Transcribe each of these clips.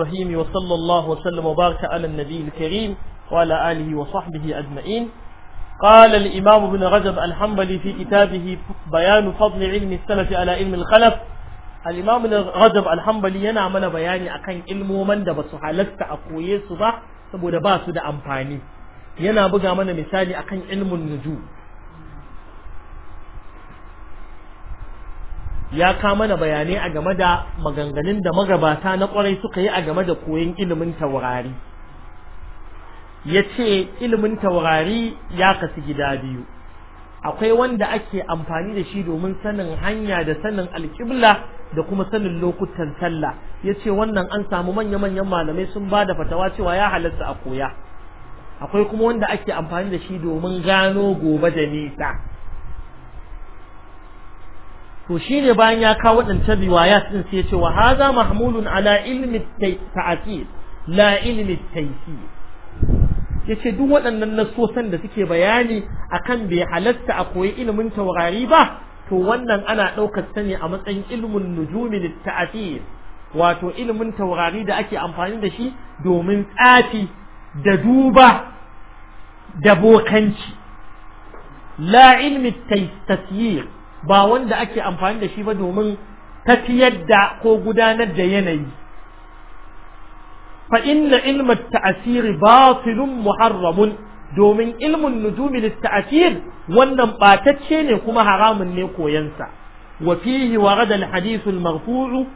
الرحيم وصلى الله وسلم وبارك على النبي الكريم وعلى آله وصحبه أجمعين قال الإمام ابن رجب الحنبلي في كتابه بيان فضل علم السلف على علم الخلف الإمام ابن رجب الحنبلي yana mana bayani akan ilmoman da basu halatta a koye su ba saboda ba su da amfani yana buga mana misali akan ilmun nujum ya kama na bayanai a game da maganganun da magabata na kwarai suka yi a game da koyon ilimin taurari ya ce ilimin taurari ya kasu gida biyu akwai wanda ake amfani da shi domin sanin hanya da sanin alƙibla da kuma sanin lokutan sallah ya ce wannan an samu manya-manyan malamai sun ba da fatawa cewa ya halatta a koya akwai kuma wanda ake amfani da shi domin gano gobe da nisa to shine bayan ya kawo waɗancan riwayat din sai ya ce wa hadha mahmulun ala ilmi ta'til la ilmi taysir yace duk waɗannan nasosan da suke bayani akan bai halatta a koyi ilimin taurari ba to wannan ana ɗaukar ta ne a matsayin ilmin nujumi litta'atir wato ilmin taurari da ake amfani da shi domin tsafi da duba da bokanci la ilmi tasyir ba wanda ake amfani da shi ba domin tafiyar da ko gudanar da yanayi fa inna ilmu ta'asiri batilun muharramun domin ilmun nujumi ta'asir wannan batacce ne kuma haramun ne koyansa wa fihi warada alhadithu almarfu'u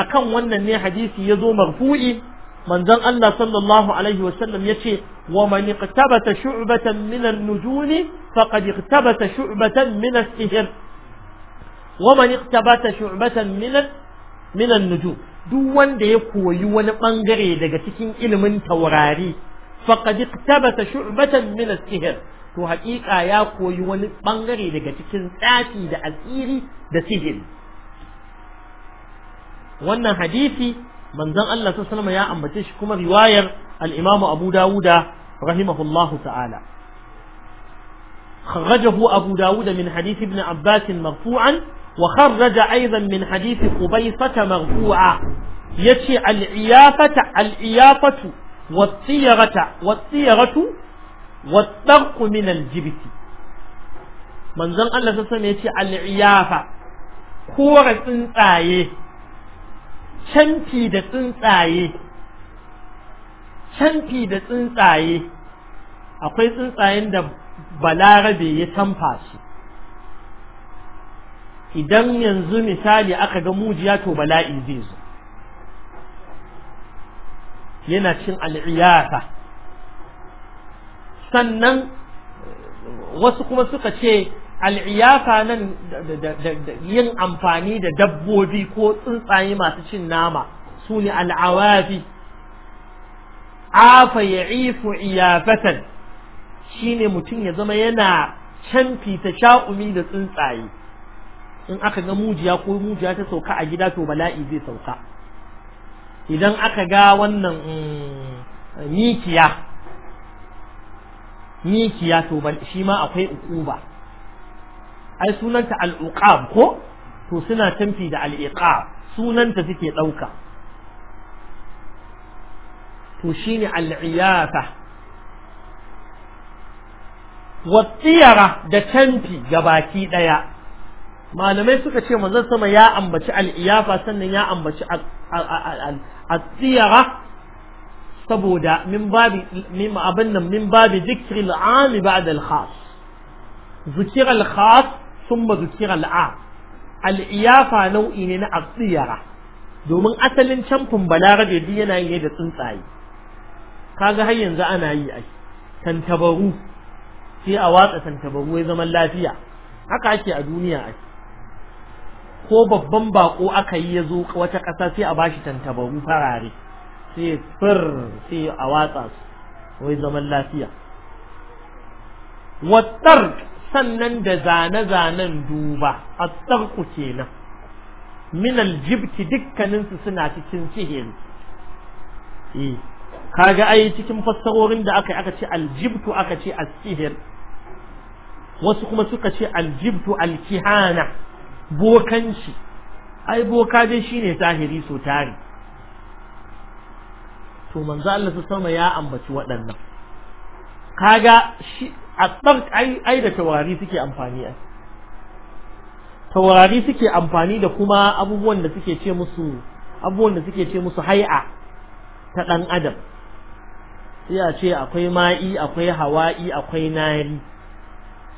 akan wannan ne hadisi yazo marfu'i manzon Allah sallallahu alaihi wasallam yace wa man iqtabata shu'batan min an-nujumi faqad iqtabata shu'batan min as-sihr wa man iktabata shu'batan minan minan duk wanda ya koyi wani bangare daga cikin ilimin taurari faqad iktabata shu'batan min as-sihr to haƙiƙa ya koyi wani bangare daga cikin tsafi da asiri da sihir wannan hadisi manzon Allah sallallahu ya ambace shi kuma riwayar al-Imam Abu Dawuda rahimahullahu ta'ala خرجه abu داود min حديث ابن عباس مرفوعا وخرج أيضا من حديث قبيصة مرفوعة يتي العيافة العيافة والطيرة والطيرة والطرق من الجبت من زن الله سسم يتي العيافة كورة تنتاية شنتي دا تنتاية canfi da tsuntsaye akwai tsuntsayen da balarabe ya canfa shi idan yanzu misali aka ga mujiya to bala'i zai zo yana cin al'iyata sannan wasu kuma suka ce al'iyata nan yin amfani da dabbobi ko tsuntsaye masu cin nama su ne al'awafi afa ya ifu iyafatan shi ne mutum ya zama yana canfi ta sha'umi da tsuntsaye in aka ga mujiya ko mujiya ta sauka a gida to bala'i zai sauka idan aka ga wannan mm, mikiya mikiya to shi ma akwai ukuba ai sunanta al'uqab ko to suna tamfi da al sunanta suke ɗauka to shine al-iyafa wa da tamfi baki ɗaya. malamai suka ce manzon sama ya ambaci al'iyafa sannan ya ambaci al-siyara saboda min babi min abin nan min babi zikri al-am ba'da al-khas zikir al-khas thumma zikir al-am al nau'i ne na al-siyara domin asalin camfin balarabe duk yana yi da tsuntsaye kaga har yanzu ana yi ai tantabaru sai a watsa tantabaru ya zaman lafiya haka ake a duniya ake ko babban bako aka yi ya zo wata ƙasa sai a bashi tantabaru farare sai fir sai a watsa su wai zaman lafiya wattar sannan da zane-zanen duba a tsarku kenan minal jibti dukkaninsu suna cikin sihiri eh kaga ai cikin fassarorin da aka yi aka ce aljibtu aka ce as-sihir wasu kuma suka ce aljibtu al-kihana bokanci ai boka dai shine tahiri so tari to manzo Allah su sama ya ambaci waɗannan kaga shi a ai ai da tawari suke amfani a taurari suke amfani da kuma abubuwan da suke ce musu abubuwan da suke ce musu hai'a ta dan adam sai a ce akwai ma'i akwai hawa'i akwai nari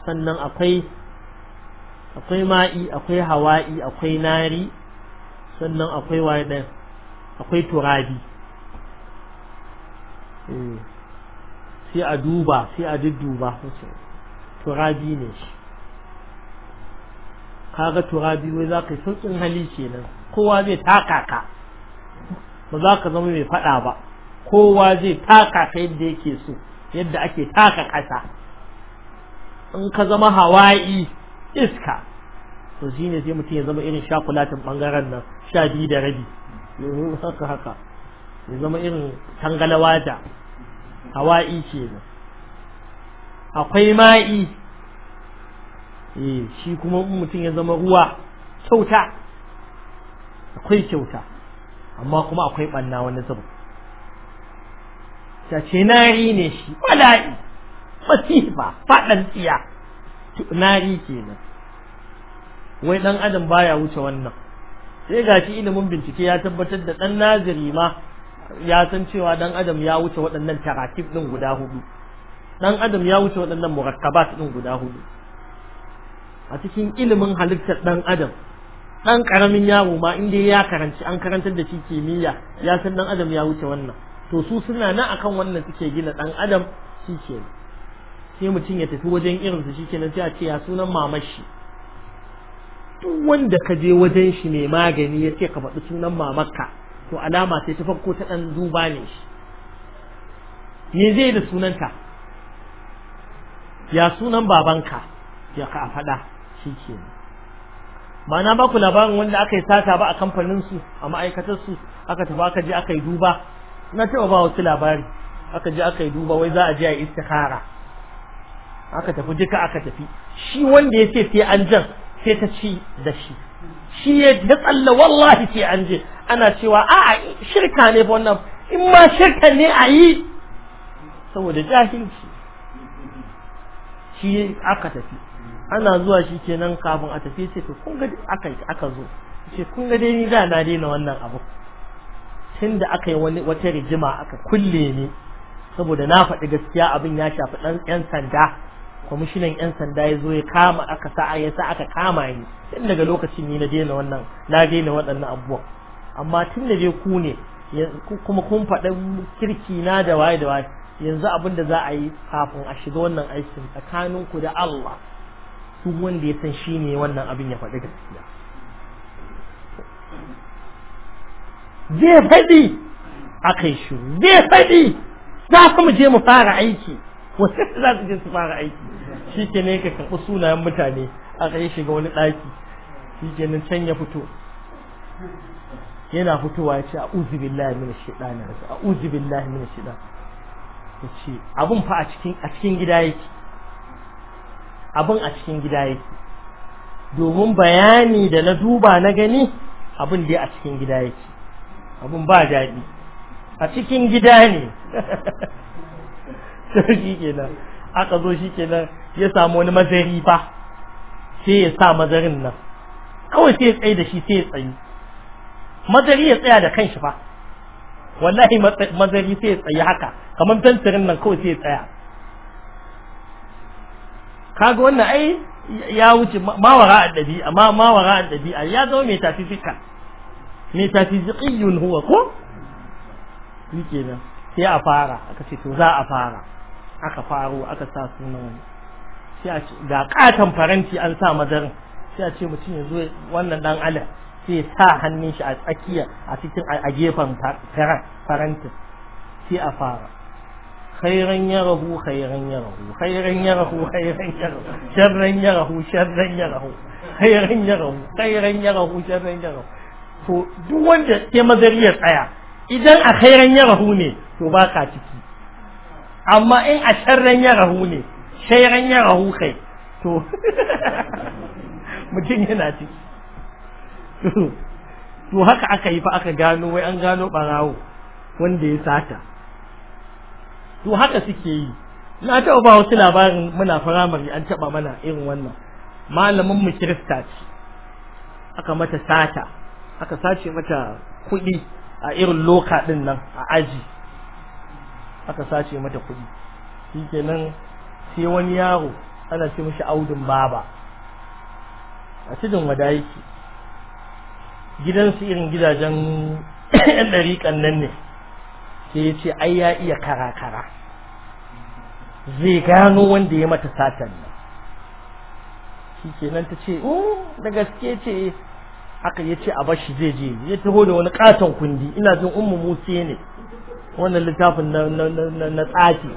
sannan akwai akwai ma'i akwai hawa'i akwai nari sannan akwai waɗin akwai turabi eh, sai a duba sai a dudduba turabi ne shi kaga turabi wai za ka yi sauƙin hali kenan kowa zai taka ka ba za ka zama mai faɗa ba kowa zai taka ka yadda yake so yadda ake taka ƙasa in ka zama hawa'i iska to shi sai mutum ya zama irin shakulatin bangaren nan sha biyu da rabi haka haka ya zama irin tangalawa da hawa'i ke nan akwai ma'i e shi kuma mutum ya zama ruwa kyauta akwai kyauta amma kuma akwai ɓanna wani zuba ta ce nari ne shi bala'i masifa faɗan tsiya nari kenan wai dan adam baya wuce wannan sai ga shi ilimin bincike ya tabbatar da dan naziri ma ya san cewa dan adam ya wuce waɗannan tarakif din guda hudu dan adam ya wuce waɗannan murakkabat din guda hudu a cikin ilimin halittar dan adam dan ƙaramin yawo ma inda ya karanci an karantar da shi kimiyya ya san dan adam ya wuce wannan to su suna nan akan wannan suke gina dan adam shi kenan sai mutum ya tafi wajen su shi kenan sai a ce ya sunan mamashi duk wanda ka je wajen shi mai magani ya ce ka faɗi sunan mamarka to alama sai ta farko ta ɗan duba ne shi me zai da sunanta ya sunan babanka ya ka faɗa shi ke ma'ana ba ku labarin wanda aka yi sata ba a kamfaninsu a ma'aikatarsu aka tafi aka je aka yi duba na taɓa ba wasu labari aka je aka yi duba wai za a je a yi istikhara aka tafi duka aka tafi shi wanda ya ce sai an jan sai ta ci da shi shi ya da tsalla wallahi sai an je ana cewa a a shirka ne ba wannan in ma shirka ne a yi saboda jahilci shi aka tafi ana zuwa shi kenan kafin a tafi sai to kun ga aka aka zo ce kun ga dai ni da na daina wannan abu tunda aka yi wani wata rigima aka kulle ne saboda na faɗi gaskiya abin ya shafi ɗan 'yan sanda kwamishinan 'yan sanda ya zo ya kama aka sa'a ya sa aka kama ni tun daga lokacin ni na daina wannan na daina waɗannan abubuwan amma tun da dai ku ne kuma kun faɗa kirki na da waye da waye yanzu abin da za a yi kafin a shiga wannan aikin tsakanin ku da Allah duk wanda ya san shi ne wannan abin ya faɗi gaskiya zai faɗi aka yi shi zai faɗi za mu je mu fara aiki wasu za su je su fara aiki shi ke ne ka karɓi sunayen mutane a kai shiga wani ɗaki shi ke nan can ya fito yana fitowa ya ce a uzu billahi mina shaiɗa na a uzu billahi mina shaiɗa ya ce abin fa a cikin gida yake abin a cikin gida yake domin bayani da na duba na gani abin dai a cikin gida yake abin ba daɗi a cikin gida ne shi kenan aka zo shi kenan ya samu wani mazari fa sai ya sa mazarin nan kawai sai ya tsaye da shi sai ya tsayi mazari ya tsaya da kanshi fa wallahi mazari sai ya tsayi haka kamar tantarin nan kawai sai ya tsaya kaga wannan ai ya wuce mawara a ɗabi'a ma mawara a ɗabi'a ya zama metafizika metafizikiyun huwa ko shi kenan sai a fara aka ce to za a fara aka faro aka sa sunan wani sai a ce ga katon faranti an sa madarin sai a ce mutum ya zo wannan dan ala sai ya sa hannun shi a tsakiya a cikin a gefen faranti sai a fara khairan yarahu khairan yarahu khairan yarahu khairan rahu sharran yarahu sharran yarahu khairan yarahu khairan yarahu sharran yarahu to duk wanda sai mazariya tsaya idan a khairan yarahu ne to ba ka ciki amma in a sharran ya rahu ne shairan ya rahu kai to mutum yana ci, to haka aka yi fa aka gano wai an gano barawo wanda ya sata to haka suke yi na taɓa ba wasu labarin muna firamare an taɓa mana irin wannan malamin mu kirista ce aka mata sata aka sace mata kuɗi a irin loka ɗin nan a aji aka sace mata kuɗi nan sai wani yaro ana ce mashi audun baba a cikin wada yake gidansu irin gidajen yan ɗariƙan nan ne sai ya ce ai ya iya kara-kara zai gano wanda ya mata satan nan shi kenan ta ce oh, da gaske ce haka ya ce a bashi zai je ya taho da wani katon kundi ina jin ummu musu ne wannan littafin na tsaki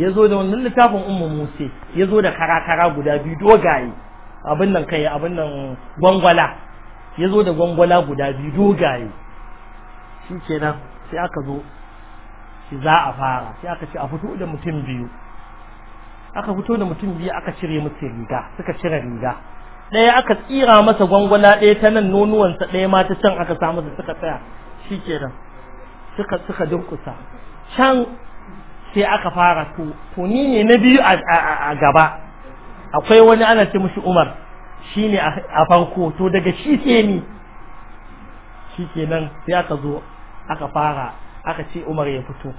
ya zo da wannan littafin ummu musa ya zo da karakara guda biyu dogaye abin nan kai abin nan gwangwala ya zo da gwangwala guda biyu dogaye shi kenan sai aka zo shi za a fara sai aka ce a fito da mutum biyu aka fito da mutum biyu aka cire musu riga suka cire riga ɗaya aka tsira masa gwangwala ɗaya ta nan nonuwansa ɗaya ma ta can aka sa masa suka tsaya shi kenan suka suka durkusa can sai aka fara to to ni ne na biyu a gaba akwai wani ana ce mushi Umar shine a farko to daga shi sai ni shi kenan sai aka zo aka fara aka ce Umar ya fito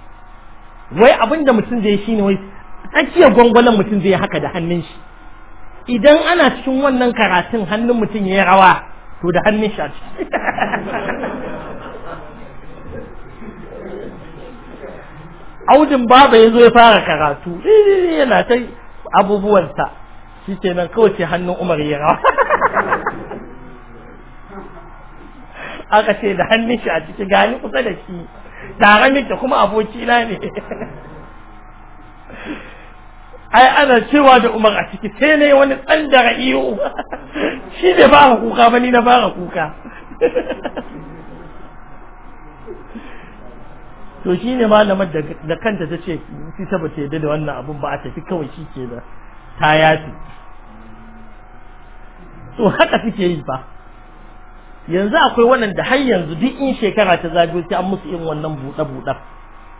wai abinda mutum zai shi ne wai tsakiyar gwangwalon mutum zai haka da hannun shi idan ana cikin wannan karatun hannun mutum ya yi rawa to da hannun shi a ciki audin baba ya zo ya fara karatu eh, yana ta abubuwansa shi nan kawai ce hannun umar ya rawa aka ce da hannun shi a ciki gani kusa da shi tare miki kuma abokina ne ai ana cewa da umar a ciki sai ne wani dan da ra'iyo shi bai fara kuka ba ni na fara kuka to shi ne malamar da kanta ta ce ita ba ta yadda da wannan abun ba a tafi kawai shi ke da ta yafi to haka suke yi ba. yanzu akwai wannan da har yanzu duk in shekara ta zagayo sai an musu irin wannan buɗe buɗe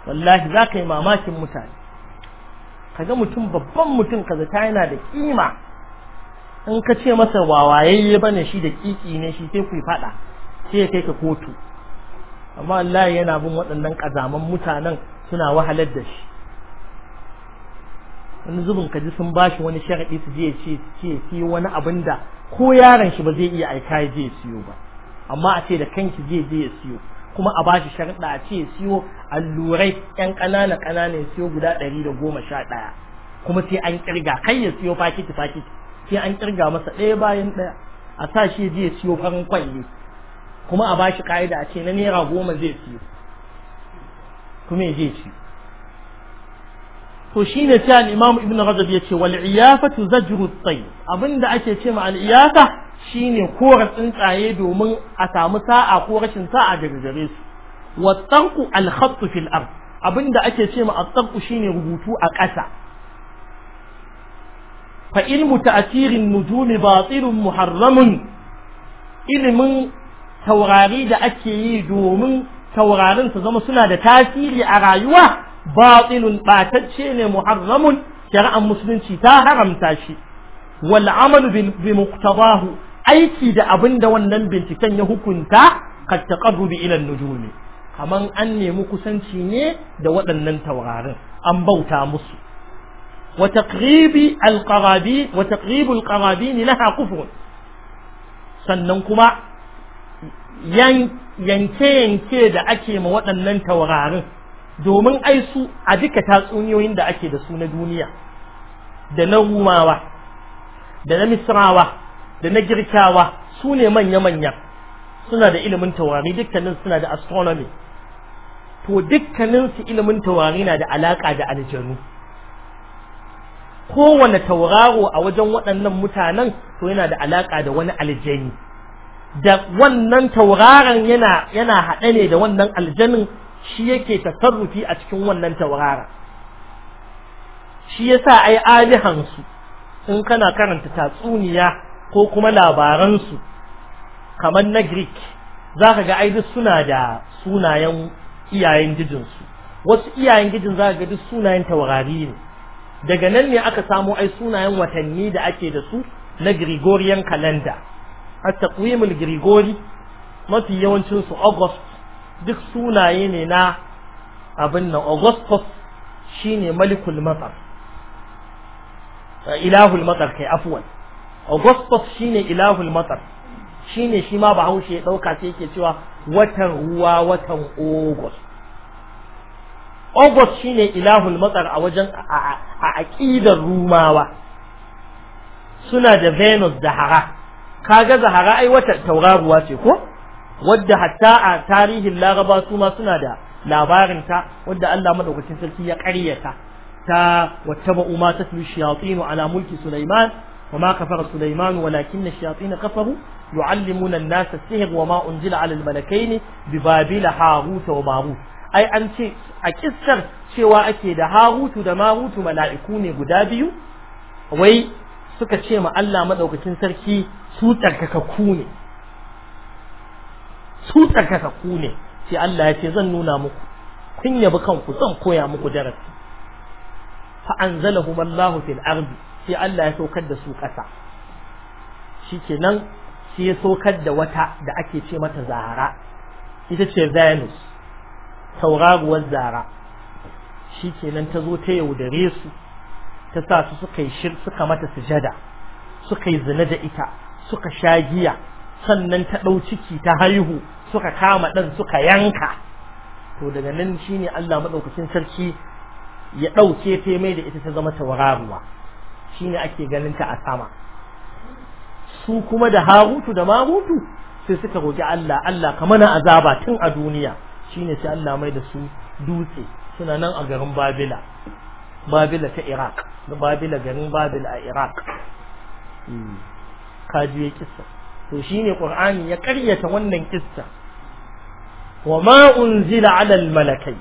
wallahi za ka yi mamakin mutane Ka ga mutum babban mutum ka zata yana da kima in ka ce masa wawayayye bane shi da kiki ne shi sai ku yi faɗa sai ya kai ka kotu amma Allah yana bin waɗannan kazaman mutanen suna wahalar da shi wani zubin kaji sun bashi wani sharaɗi su je ce ce siyo wani abin da ko yaron shi ba zai iya aika ya je ya siyo ba amma a ce da kanki je je ya siyo kuma a bashi sharaɗa a ce ya siyo allurai ƴan ƙanana ƙanana ya siyo guda ɗari da goma sha ɗaya kuma sai an ƙirga kai ya siyo fakiti fakiti sai an ƙirga masa ɗaya bayan ɗaya a sa shi ya je ya siyo farin kwalli kuma a bashi ka'ida a ce na naira goma zai siyo kuma zai ci to shine ta imam ibn rajab ya ce wal iyafatu zajru tsayi abinda ake ce ma al iyafa shine kora tsuntsaye domin a samu sa'a ko rashin sa'a daga gare su wa tanqu al fil ard abinda ake ce ma at shine rubutu a ƙasa fa ilmu ta'thirin nujumi batilun muharramun ilimin taurari da ake yi domin taurarin su zama suna da tasiri a rayuwa batilun batacce ne muharramun shari'ar musulunci ta haramta shi wal amalu bi muqtadahu aiki da abin da wannan binciken ya hukunta ka taqarrubi ila nujumi kaman an nemi kusanci ne da waɗannan taurarin an bauta musu wa taqribi al qarabi wa taqribu al qarabin laha kufrun sannan kuma yanke-yanke da ake ma waɗannan taurarin domin ai su a duka tatsuniyoyin da ake da su na duniya da na rumawa da na misrawa da na girkawa su ne manya-manya suna da ilimin taurari dukkanin suna da astronomy to dukkaninsu ilimin taurari na da alaƙa da aljanu kowane tauraro a wajen waɗannan mutanen to yana da alaƙa da wani aljani da wannan tauraron yana yana haɗe ne da wannan aljanin shi yake tasarrufi a cikin wannan tauraron shi yasa ai alihansu in kana karanta tatsuniya ko kuma labaransu kamar na Greek zaka ga ai duk suna da sunayen iyayen gijinsu wasu iyayen gijin zaka ga duk sunayen taurari ne daga nan ne aka samo ai sunayen watanni da ake da su na Gregorian calendar a taƙwimul grigori mafi su august duk sunaye ne na abin nan augustus shine malikul matsar ilahul matsar kai afuwan augustus shine ilahul matsar shine shi ma bahaushe ya ɗauka sai yake cewa watan ruwa watan august august shine ilahul matsar a wajen a aƙidar rumawa suna da venus da hara kaga zahara ai wata tauraruwa ce ko wadda hatta a tarihin laraba su ma suna da labarinta wadda Allah madaukakin sarki ya ƙaryata ta wattaba'u ma tatlu shayatin ala mulki Sulaiman وما كفر سليمان ولكن الشياطين كفروا يعلمون الناس السحر وما ai على الملكين ببابل هاروت وماروت أي أنت أكثر شواء كده هاروت وماروت ملائكون قدابي وي suka ce ma Allah madaukakin sarki su tsarkakakku ne su tsarkakakku ne sai Allah ya ce zan nuna muku kun yabi kanku zan koya muku darasi fa anzalahum Allahu fil ardi sai Allah ya saukar da su ƙasa shikenan sai ya saukar da wata da ake ce mata Zahara ita ce Venus tauraruwar Zahara shikenan ta zo ta yaudare su ta sa su suka yi shir suka mata sujada suka yi zina da ita suka sha giya sannan ta ɗau ciki ta haihu suka kama ɗan suka yanka to daga nan shine Allah madaukakin sarki ya ɗauke ta mai da ita ta zama tauraruwa shine ake ganin ta a sama su kuma da harutu da marutu sai suka roki Allah Allah ka mana azaba tun a duniya shine sai Allah mai da su dutse suna nan a garin Babila babila ta iraq da babila garin babila a iraq hmm. kaji ya kissa to shine qur'ani ya karyata wannan kissa wa ma unzila ala al malakai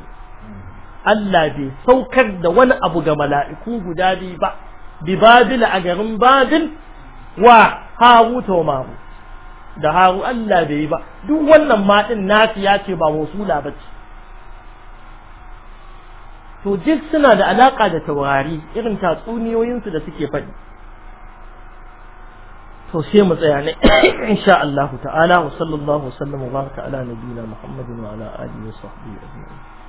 Allah bai saukar da wani abu ga mala'iku guda biyu ba bi babila a garin babil wa Haru wa da haru Allah bai yi ba duk wannan ma din nafiya ce ba wasula bace to duk suna da alaka da taurari irin tatsuniyoyinsu da suke faɗi to sai mu tsaya ne insha Allah ta'ala wa sallallahu wa sallam wa baraka ala nabiyina Muhammadin wa ala alihi wa sahbihi ajma'in